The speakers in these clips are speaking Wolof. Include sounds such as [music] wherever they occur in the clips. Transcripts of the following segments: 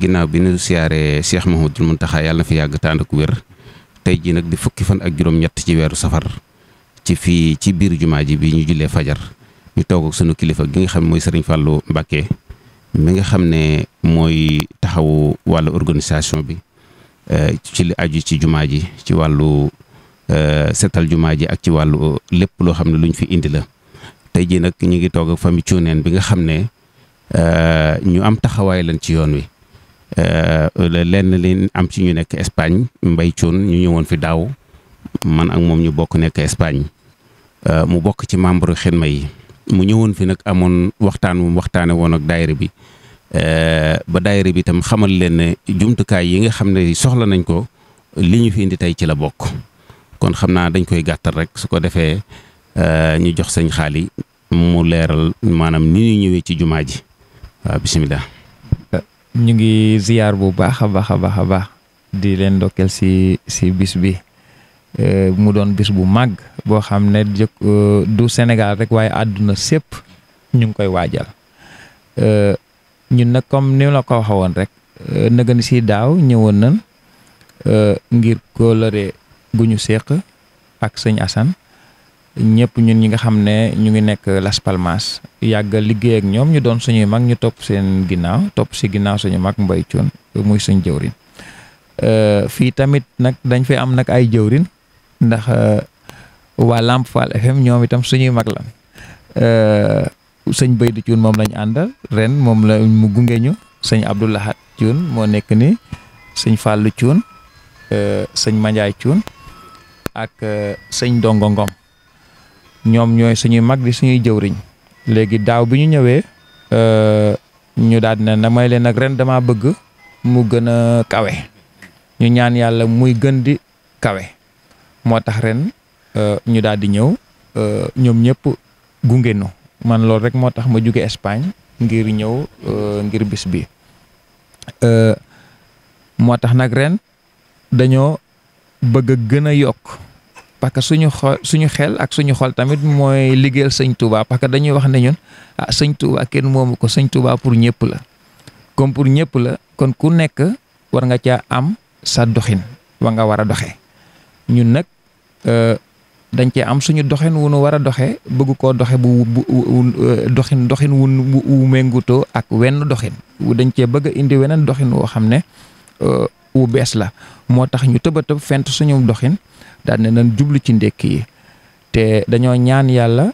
ginnaaw bi ñu siyaaree Cheikh mun Muntaxa yàlla fi yàgg tànd ak wér tey jii nag di fukki fan ak juróom-ñett ci weeru safar ci fii ci biir jumaa ji bi ñu jullee fajar ñu toog ak sunu kilifa gi nga xam mooy sëriñ Fallou Mbacké mi nga xam ne mooy taxawu wàllu organisation bi eh, ci li ci jumaa ji ci wàllu eh, setal jumaa ji ak ci wàllu eh, lépp loo xam ne luñ fi indi la tey jii nag ñu ngi toog ak famille Thionène bi nga xam ne ñu am taxawaay lañ ci yoon wi. Euh, lenn li am ci ñu nekk Espagne Mbaye Thion ñu ñëwoon fi daaw man ak moom ñu bokk nekk Espagne euh, mu bokk ci membre xidma yi mu ñëwoon fi nag amoon waxtaan wu waxtaane woon ak daayira bi euh, ba daayira bi itam xamal leen ne jumtukaay yi nga xam ne soxla nañ ko li ñu fi indi tey ci la bokk kon xam naa dañ koy gàttal rek su ko defee ñu jox sëñ xaali mu leeral maanaam ni ñu ñëwee ci jumaa ji waaw bisimilah. ñu ngi ziyaar bu baax a baax a baax a baax di leen ndokkeel si si bis bi euh, mu doon bis bu màgg boo xam ne jëkk euh, du Sénégal rek waaye àdduna sépp ñu ngi koy waajal euh, ñun nag comme ni la ko waxee woon rek nëgën si daaw ñëwoon nan ngir kóolëre gu ñu séq ak sëñ Assane ñëpp ñun ñi nga xam ne ñu ngi nekk Las Palmas yàgg liggéey ak ñoom ñu doon suñuy mag ñu topp seen ginnaaw topp si ginnaaw suñu mag Mbaye Thioune muy suñ jëwrin euh, fii tamit nag dañ fi am nag ay jëwrin ndax euh, waa Lamp Fall FM ñoom itam suñuy mag la euh, sëñ Baydi Thioune moom lañ àndal ren moom la mu gunge ñu sëñ Abdoulahat Thioune moo nekk ni sëñ Fallou Thioune sëñ Mandiaye Thioune ak sëñ Dongo Ngom ñoom ñooy suñuy mag di suñuy jëwriñ léegi daaw bi ñu ñëwee euh, ñu daal ne na may leen nag ren dama bëgg mu gën a kawe ñu ñaan yàlla muy gën di kawe moo tax ren euh, ñu daal di ñëw euh, ñoom ñëpp gunge nu man loolu rek moo tax ma jóge Espagne ngir ñëw ngir bis bi moo tax nag ren dañoo bëgg a gën a yokk parce que suñu xol suñu xel ak suñu xol tamit mooy liggéeyal sëñ Touba parce que dañuy wax ne ñun ah sëñ Touba kenn moomu ko sëñ Touba pour ñëpp la comme pour ñëpp la kon ku nekk war nga caa am sa doxin wa nga war a doxee ñun nag euh, dañ cee am suñu doxin wu nu war a doxee bëgg koo doxe bu euh, doxin doxin wu wu méngutoo ak wenn doxin dañ cee bëgg indi weneen doxin woo xam ne euh, wu bees la moo tax ñu tëba tëb fent suñu doxin daal ne jublu ci ndékk yi te dañoo ñaan yàlla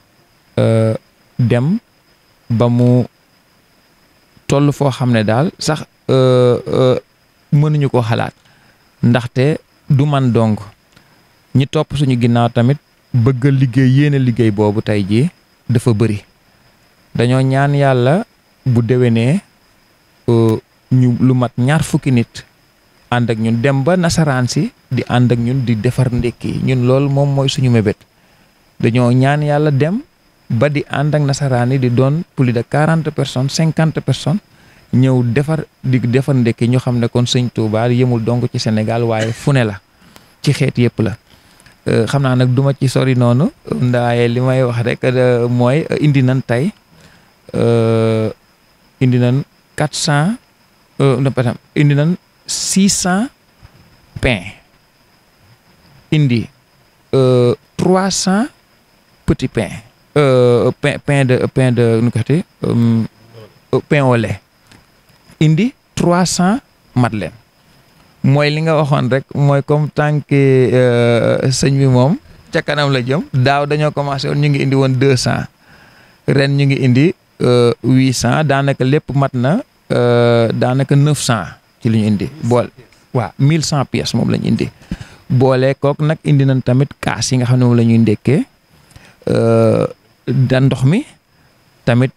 euh, dem ba mu toll foo xam ne daal sax euh, euh, mënuñu ko xalaat ndaxte du man dong ñi topp suñu ginnaaw tamit bëgg liggéey yéene liggéey boobu tey jii dafa bëri dañoo ñaan yàlla bu déwénee ñu lu mat ñaar fukki nit ànd ak ñun dem ba nasaraan si di ànd ak ñun di defar ndékki ñun loolu moom mooy suñu mébét dañoo ñaan yàlla dem ba di ànd ak nasaraan yi di doon plus de quarante personne cinquante personne ñëw defar di defar ndékki ñu xam ne kon sëñ Touba yemul donc ci Sénégal waaye fu ne la ci xeet yëpp la. Euh, xam naa nag duma ci sori noonu ndaaye li may wax rek euh, mooy euh, indi nan tey indi nan quatre cent indi nan. six cent pain indi euh, trois cent petit pain euh, pain pain de pain de nu ko xatee euh, pain au indi trois mat madeleine mooy li nga waxoon rek mooy comme tant que sëñ bi moom ca kanam la jëm daaw dañoo commencé woon ñu ngi indi woon deux cent ren ñu ngi indi huit cent daanaka lépp mat na daanaka neuf cent ci li indi boole waaw mille cent pièces moom la indi boole kook nag indi nañ tamit kaas yi nga xam ne moom la ñuy ndekkee da euh, ndox mi tamit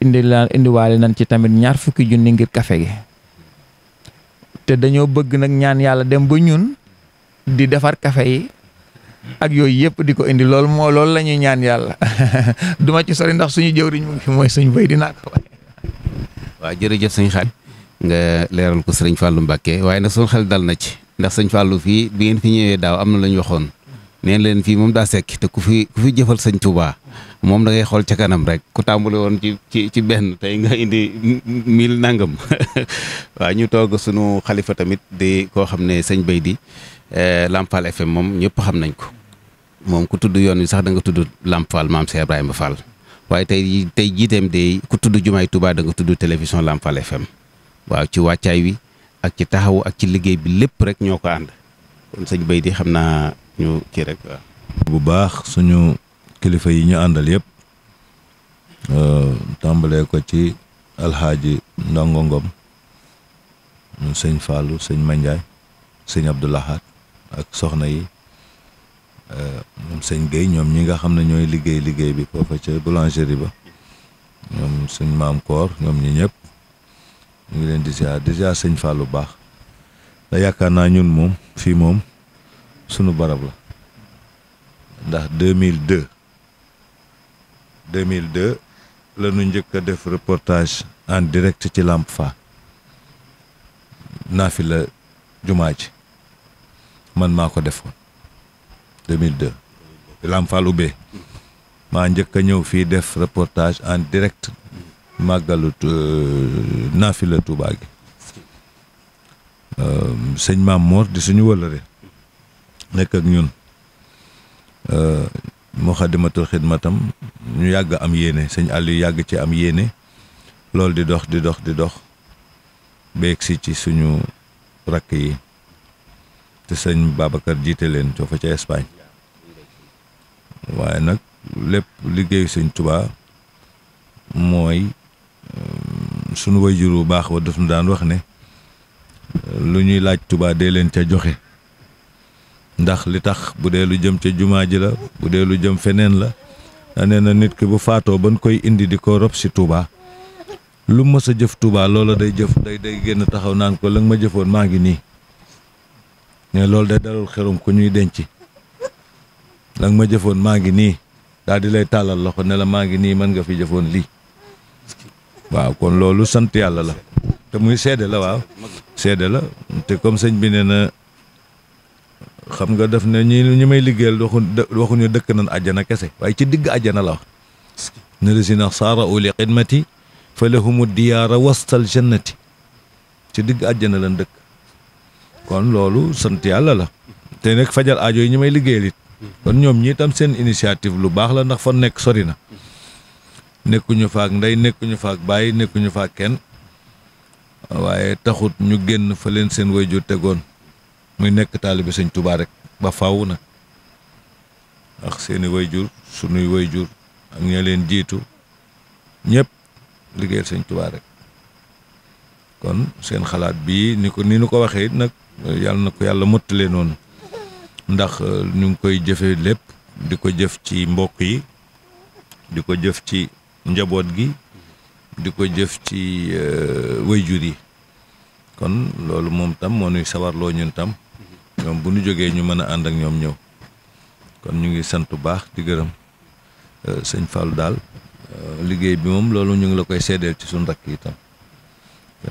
indi la indiwaale nañ ci tamit ñaar fukki junni ngir kafe gi te dañoo bëgg nag ñaan yàlla dem ba ñun di defar kafe yi ak yooyu yëpp di ko indi lool moo loolu la ñuy ñaan yàlla [laughs] duma ci sori ndax suñu jëwriñ mu ngi fi mooy suñ bay dinaa ko nga leeral ko sëriñ Fallou Mbacke waaye na suñu xel dal na ci ndax sëñ Fallou fii bi ngeen fi ñëwee daaw am na lu ñu waxoon neen leen fii moom daa sekk te ku fi ku fi jëfal sañ Touba moom da ngay xool ca kanam rek ku tàmbale woon ci ci ci benn tey nga indi miil nangam [laughs] waaw ñu toog sunu xalifa tamit di koo xam ne sëñ Bay di eh, Lampal FM moom ñëpp xam nañ ko moom ku tudd yoon wi sax danga tudd Lampal maam Cheikh Ibrahima Fall waaye tey tey jiiteem de ku tudd Jumaay Touba da nga télévision Lampal FM. waaw ci wàccaay wi ak ci taxawu ak ci liggéey bi lépp rek ñoo ko ànd kon sëñ bay di xam naa ñu kii rek bu baax suñu kilifa yi ñu àndal yëpp euh, tàmbalee ko ci alxaaji ndongo ngom sëñ Fallou sëñ Mandiaye sëñ Abdoulahat ak soxna yi euh, ñoom sëñ Guèye ñoom ñi nga xam ne ñooy liggéey liggéey bi foofa ca boulangerie ba ñoom suñ maam koor ñoom ñi ñëpp ñu ngi leen di ziar di ziar sëñ Fallou baax da yaakaar naa ñun moom fii moom sunu barab la ndax 2002 2002 la ñu njëkk a def reportage en direct ci Lamp naa fi la jumaa ji man maa ko defoon 2002 Lamp Fall maa njëkk a ñëw fii def reportage en direct màggalu euh, naafila Tuubaa gi euh, sëñ Maam Moor di suñu wëlëre nekk ak ñun euh, Muxaddamatul Xidmatam ñu yàgg am yéene sëñ àll yu yàgg ci am yéene loolu di dox di dox di dox beeg si ci suñu rakk yi te sëñ Babacar jiite leen coo fa ca Espagne waaye nag lépp liggéeyu sëñ tubaa mooy sunu wayjur bu baax wa daf nu daan wax ne lu ñuy laaj Tuubaa dee leen ca joxe ndax li tax bu dee lu jëm ca jumaa ji la bu dee lu jëm feneen la nee na nit ki bu faatoo ban koy indi di ko rob si Tuubaa lu mës a jëf Tuubaa loola day jëf day day génn taxaw naan ko la nga ma jëfoon maa ngi nii ne loolu day dalul xelum ku ñuy denc la nga ma jëfoon maa ngi nii daal di lay tàllal loxo ne la maa ngi nii mën nga fi jëfoon lii waaw kon loolu sant yàlla la te muy seede la waaw seede la te comme sëñ bi nee na xam nga def na ñi ñi may liggéeyal waxu waxuñu dëkk nañ àjjana kese waaye ci digg àjjana la wax ne lazina saara uli xidmati fa lahumu diyaara wastal jannati ci digg àjjana lañ dëkk kon loolu sant yàlla la te nag fajal ajo yi ñu may liggéeyal it kon ñoom ñi tam seen initiative lu baax la ndax fa nekk sori na nekkuñu faak ndey nekkuñu faak bàyyi nekkuñu faak kenn waaye taxut ñu génn fa leen seen wayjur tegoon muy nekk taalibe sëñ Tuubaa rek ba faw na ak seeni wayjur sunuy wayjur ak ña leen jiitu ñëpp liggéeyal sëñ Tuubaa rek kon seen xalaat bii ni ko ni nu ko waxee nag yàlla na ko yàlla mottalee noonu ndax euh, ñu ngi koy jëfe lépp di ko jëf ci mbokk yi di ko jëf ci njaboot gi di ko jëf ci euh, wayjur yi kon loolu moom tam moo nuy sawarloo ñun tam ñoom bu ñu jógee ñu mën a ànd ak ñoom ñëw kon ñu ngi sant bu baax di gërëm euh, sëñ fal daal euh, liggéey bi moom loolu ñu ngi la koy seddeel ci suñu rakk yi tam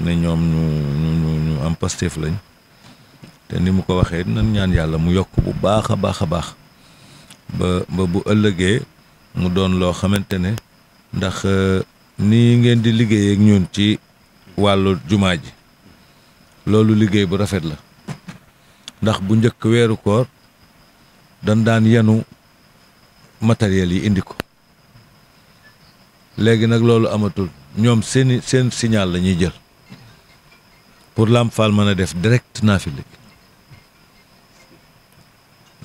ne ñoom ñu ñu ñu am Pastef lañ te ni mu ko waxee nan ñaan yàlla mu yokk bu baax a baax a baax ba ba bu ëllëgee mu doon loo xamante ne ndax euh, ni ngeen di liggéey ak ñun ci wàllu jumaa ji loolu liggéey bu rafet la ndax bu njëkk weeru koor dañ daan yenu matériel yi indi ko léegi nag loolu amatul ñoom seeni seen signal la ñuy jël pour Lamp Fall mën a def direct naafila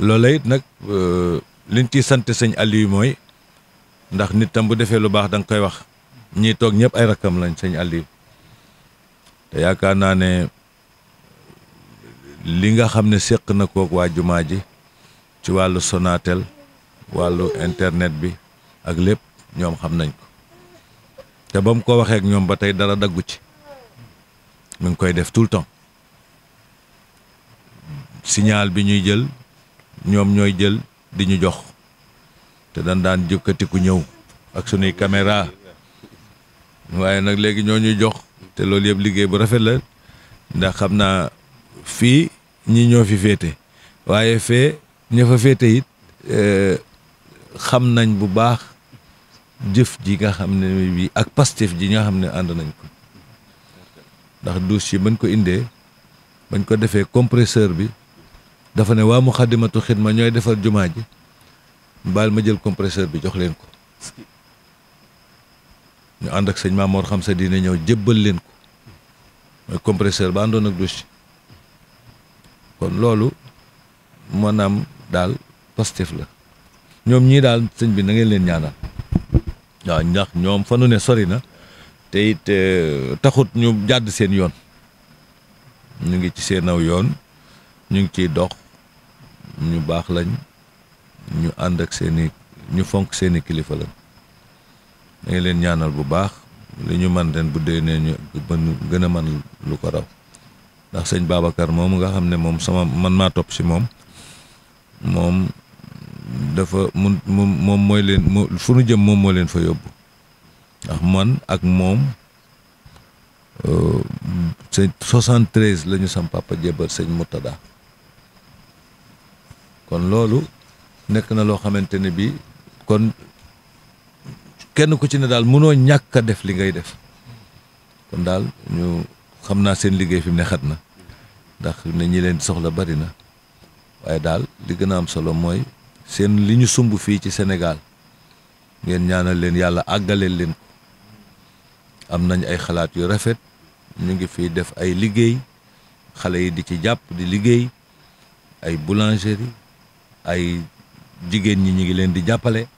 loola it nag euh, liñ ciy sant sëñ Aliou mooy ndax nit tam bu defee lu baax danga koy wax ñii toog ñëpp ay rakkam lañ sañ Aliou te yaakaar naa ne li nga xam ne séq na kook waa jumaa ji ci wàllu Sonatel wàllu internet bi ak lépp ñoom xam nañ ko te ba mu ko waxee ak ñoom ba tey dara daggu ci mu ngi koy def tout le siñaal bi ñuy jël ñoom ñooy jël di ñu jox te dan daan jëkkati ñëw ak sunuy caméra waaye nag léegi ñoo ñuy jox te loolu yëpp liggéey bu rafet la ndax xam naa fii ñi ñoo fi féete waaye fee ña fa féete it eh, xam nañ bu baax jëf ji nga xam ne bi ak pastef ji nga xam ne ànd nañ ko ndax douche yi bañ ko indee bañ ko defee compresseur bi dafa ne waa mu xaddimatu xidma ñooy defar jumaa ji mbaal ma jël compresseur bi jox leen ko ñu ànd ak sëñ Maamoor xam sa diine ñëw jébbal leen ko mooy compresseur ba àndoon ak douche kon loolu maanaam daal positif la ñoom ñii daal sëñ bi nangeen leen ñaanal waaw ndax ñoom fanu ne sori na te it eh, taxut ñu jàdd seen yoon ñu ngi ci seen aw yoon ñu ngi ciy dox ñu baax lañ ñu ànd ak seeni ñu fonk seeni kilifa lañ da ngay leen ñaanal bu baax li ñu man leen bu dee ñu gën a man lu ko raw ndax sëñ Babacar moom nga xam ne moom sama man maa topp si moom moom dafa mun moom mooy leen fu nu jëm moom moo leen fa yóbbu ndax man ak moom euh, sëñ 73 lañu ñu sam papa jébbal sëñ Murtada kon loolu nekk na loo xamante ne bii kon kenn ku ci ne daal mënoo ñàkk a def li ngay def kon daal ñu xam naa seen liggéey fi mu ne xat na ndax ne ñi leen soxla bari na waaye daal li gën a am solo mooy seen li ñu sumb fii ci senegaal ngeen ñaanal leen yàlla àggaleel leen am nañ ay xalaat yu rafet ñu ngi fiy def ay liggéey xale yi di ci jàpp di liggéey ay boulangerie ay jigéen ñi ñu ngi leen di jàppale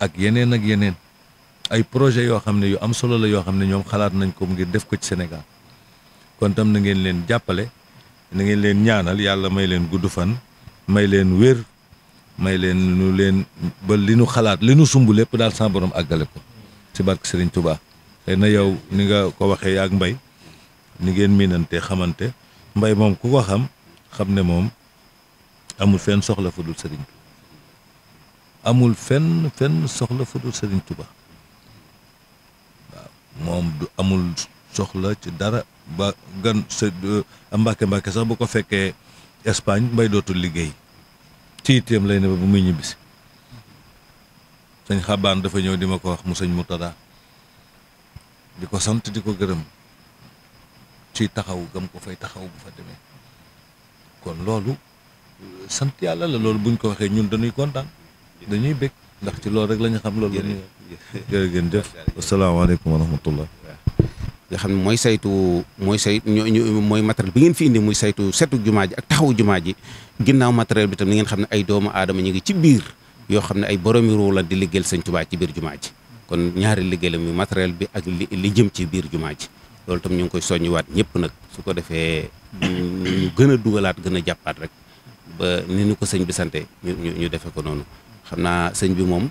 ak yeneen ak yeneen ay projet yoo xam ne yu am solo la yoo xam ne ñoom xalaat nañ ko mu ngir def ko ci Sénégal kon tam na ngeen leen jàppale na ngeen leen ñaanal yàlla may leen gudd fan may leen wér may leen nu leen ba li nu xalaat li nu sumb lépp daal sa borom àggale ko ci barke Serigne Touba xëy na yow ni nga ko waxee ak mbay ni ngeen miinante xamante mbay moom ku ko xam xam ne moom amul fenn soxla fu dul amul fenn fenn soxla fu dul Serigne Touba waaw moom du amul soxla ci dara ba gan sa euh, Mbàkke Mbàkke sax bu ko fekkee Espagne mbay dootul liggéey ci itteem lay ne ba bu muy ñibbisi sëñ xabaan dafa ñëw di ma ko wax mu sëñ Murtada di ko sant di ko gërëm ci taxaw gam ko fay taxaw bu fa demee kon loolu euh, sant yàlla la loolu buñ ko waxee ñun dañuy kontaan. dañuy bëgg ndax ci loolu rek la ñu xam loolu la ñuy jërë ngeen jëf asalaamaaleykum wa nga xam ne mooy saytu mooy say ñooñu mooy matériel bi ngeen fi indi muy saytu setu jumaa ji ak taxawu jumaa ji ginnaaw matériel bi tam ni ngeen xam ne ay doomu aadama ñu ngi ci biir yoo xam ne ay boromi ruu la di liggéeyal sëñ Tuubaa ci biir jumaa ji kon ñaari liggéey la muy matériel bi ak li li jëm ci biir jumaa ji loolu tam ñu ngi koy soññiwaat ñëpp nag su ko defee ñu gën a dugalaat gën a jàppaat rek ba ni ñu ko sëñ bi sante ñu ñu defe ko noonu xam naa sëñ bi moom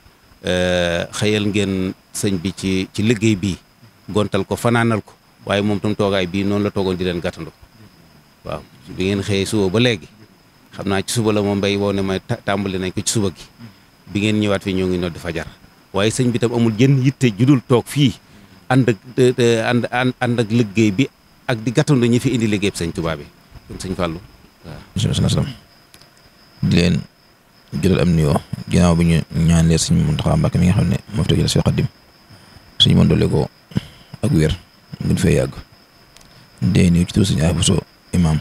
euh, xëyal ngeen sëñ bi ci ci liggéey bi gontal ko fanaanal ko waaye moom tam toogaay bii noonu la toogoon di leen gàttandu waaw bi ngeen xëyee suba ba léegi xam naa ci suba la moom mbéy woo ne ma tàmbali nañ ko ci suba ki bi ngeen ñëwaat fi ñoo ngi noddi fajar waaye sëñ bi tam amul jën yitte dul toog fii ànd ak liggéey bi ak di gàttandu ñi fi indi liggéey bi sëñ Tuubaa bi kon sëñ Fàllu waaw di jotal am nuyoo ginnaaw bi ñu ñaan leer suñu Muntaxa Mbàkke mi nga xam ne moo fi toog si Xaadim suñu mën doole ko ak wér gën fee yàgg dee nuyu ci tur suñu Abou Sow imaam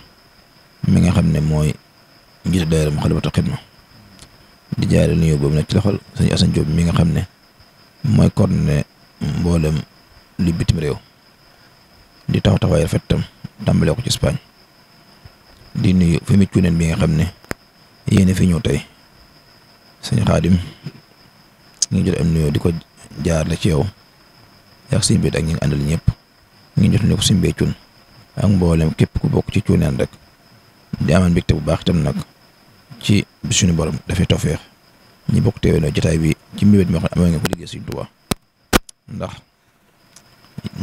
mi nga xam ne mooy njiitu daayira Moukhaddamatoul di jaare nuyoo boobu nag ci loxol suñu Assane Diop mi nga xam ne mooy mboolem li bitim réew di taxaw taxawaay rafet tam tàmbalee ci Espagne di nuyu fi mu cuuneen bi nga xam ne yéen fi ñëw tey. sëñ Xaadim ñu ngi jot am nuyoo di ko jaar la ci yow yàq sëñ bi ak ñi ngi àndal ñëpp ngi jot ne ko sëñ bee cun ak mboolem képp ku bokk ci cuuneen rek di amal mbégte bu baax itam nag ci bi suñu borom dafay tofeex ñi bokk teewloo jotaay bi ci mbébét moo xam amoon nga ko liggéey sëñ Tuubaa ndax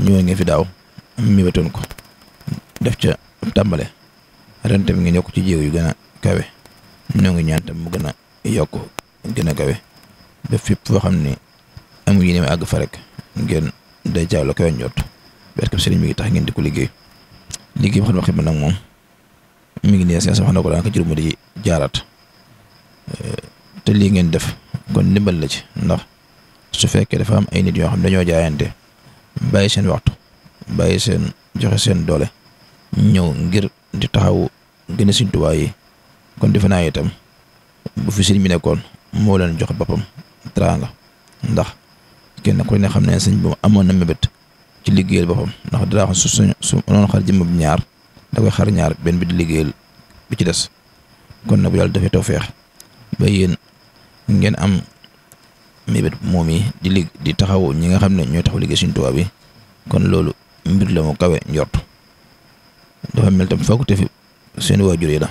ñëwoon nga fi daaw mbébétoon ko def ca tàmbale ren tamit nga yokk ci jéego yu gën a kawe ñoo ngi ñaan tam mu gën a yokk gën a kawe ba fépp foo xam ne amu yéene àgg fa rek ngeen day jaaw la koy njot barkeb sëriñ mi ngi tax ngeen di ko liggéey liggéey bi xam ne nag moom mi ngi nee seen sama ko daanaka juróomi di jaaraat te lii ngeen def kon ndimbal la ci ndax su fekkee dafa am ay nit yoo xam ne dañoo jaayante bàyyi seen waxtu bàyyi seen joxe seen doole ñëw ngir di taxaw gën a Sëriñ yi kon defe naa itam bu fi sëriñ bi nekkoon moo leen jox boppam teraanga ndax kenn ku ne xam ne sëñ bi amoon na mébét ci liggéeyal boppam ndax dinaa wax su suñu su noonu xar ñaar da xar ñaar benn bi di liggéeyal bi ci des kon nag bu yàlla dafay tawfeex ba yéen ngeen am mébét moom yi di lig di taxaw ñi nga xam ne ñooy taxaw liggéey suñu tubaab bi kon loolu mbir la mu kawe njort dafa mel tam foog te fi seen waajur yi la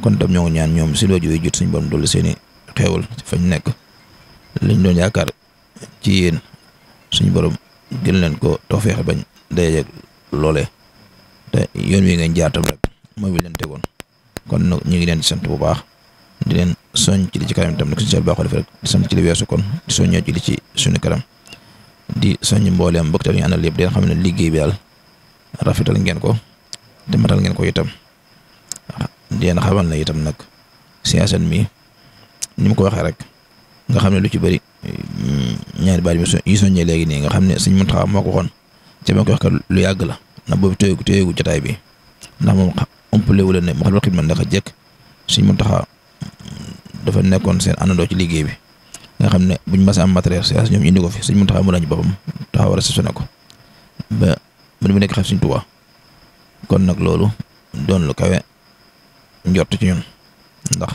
kon tam ñoo ngi ñaan ñoom seen waajur yi jot suñu borom doolu seeni xewal ci fañ nekk lañ doon yaakaar ci yéen suñu boroom gën leen ko tawfeex bañ dajeeg loole te yoon wi ngeen jaar tam rek mooy bi leen tegoon kon nag ñu ngi leen sant bu baax di leen soñ ci li ci kanam tam nag suñu sel baaxoo def rek di sant weesu kon di soññoo ci li ci suñu kanam di soññ mbooleem mbokk tam ñu àndal yëpp di leen xam ne liggéey bi daal rafetal ngeen ko te matal ngeen ko itam di leen xamal na itam nag siyaasat mi ni mu ko waxee rek nga xam ne lu ci bëri ñaari baat yi soññee léegi nii nga xam ne sëñ Muntaxa moo ko waxoon ci ma ko wax kat lu yàgg la na boobu téyeeku téyeeku jotaay bi ndax moom ëmpale wu leen ne Moukhaddamatoul Khidma naka jekk sëñ Muntaxa dafa nekkoon seen àndandoo ci liggéey bi nga xam ne buñ mas a am matériel si ñoom indi ko fi sëñ Muntaxa mu lañu boppam taxaw réceptionné ko ba mu nekk xam sëñ Tuubaa kon nag loolu doon lu kawe njort ci ñun ndax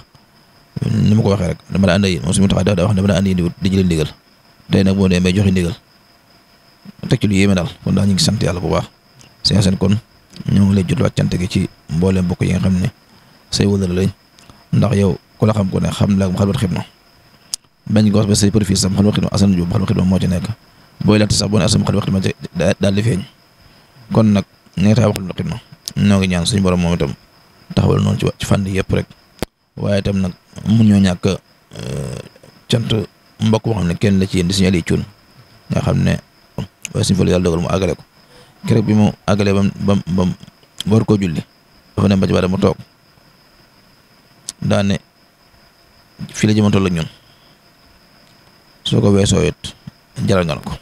ni ma ko waxee rek dama la ànd yéen moom suñu taxaw dafa wax dama la ànd yéen di jëlee ndigal tey nag boo dee may joxe ndigal teg ci lu yéeme daal kon daal ñu ngi sant yàlla bu baax seen seen kon ñoo ngi lay jot wàccante gi ci mbooleem mbokk yi nga xam ne say wëlal lañ ndax yow ku la xam ko ne xam la xalwat xidma bañ xam ba say profil sam xalwat xidma asan jub xalwat xidma moo ci nekk booy laajte sax boo ne asam xalwat xidma daal di feeñ kon nag ñu ngi taxaw xalwat xidma ñoo ngi ñaan suñu borom moom itam taxawal noonu ci fànn yëpp rek waaye itam nag mun ñoo ñàkk euh, cant mbokk boo xam ne kenn la ci yéen di suñu Aliou nga xam ne waaye suñu fële yàlla dogal mu àggale ko keroog bi mu àggalee bam bam bam war koo julli dafa dem ba ci bare mu toog daane fii la jëmantoo la ñun soo ko weesoo it jaral nga ko.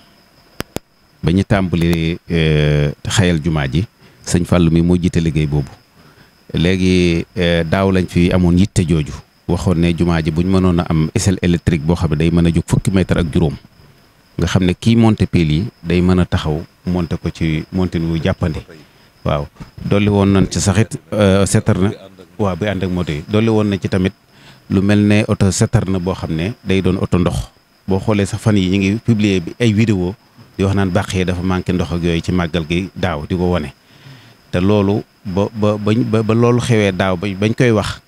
ba ñu tàmbali euh, xayal jumaa ji sëñ Fallou mi moo jiite liggéey boobu. léegi eh, daaw lañ fi amoon yitte jooju waxoon ne jumaa ji buñ mënoon a am échelle électrique boo xam ne day mën a jóg fukki mètre ak juróom nga xam ne kii monter pile yi day mën a taxaw monte ko ci monter wu jàppandi waaw dolli woon nañ ci saxit eh, setar na waaw bi ànd ak moto yi woon nañ ci tamit lu mel ne oto setar na boo xam ne day doon oto ndox boo xoolee sax fan yi ñu ngi publier bi ay vidéo di wax naan bàq yi dafa manqué ndox ak yooyu ci màggal gi daaw di ko wane te loolu ba ba ba ba loolu xewee daaw bañ koy wax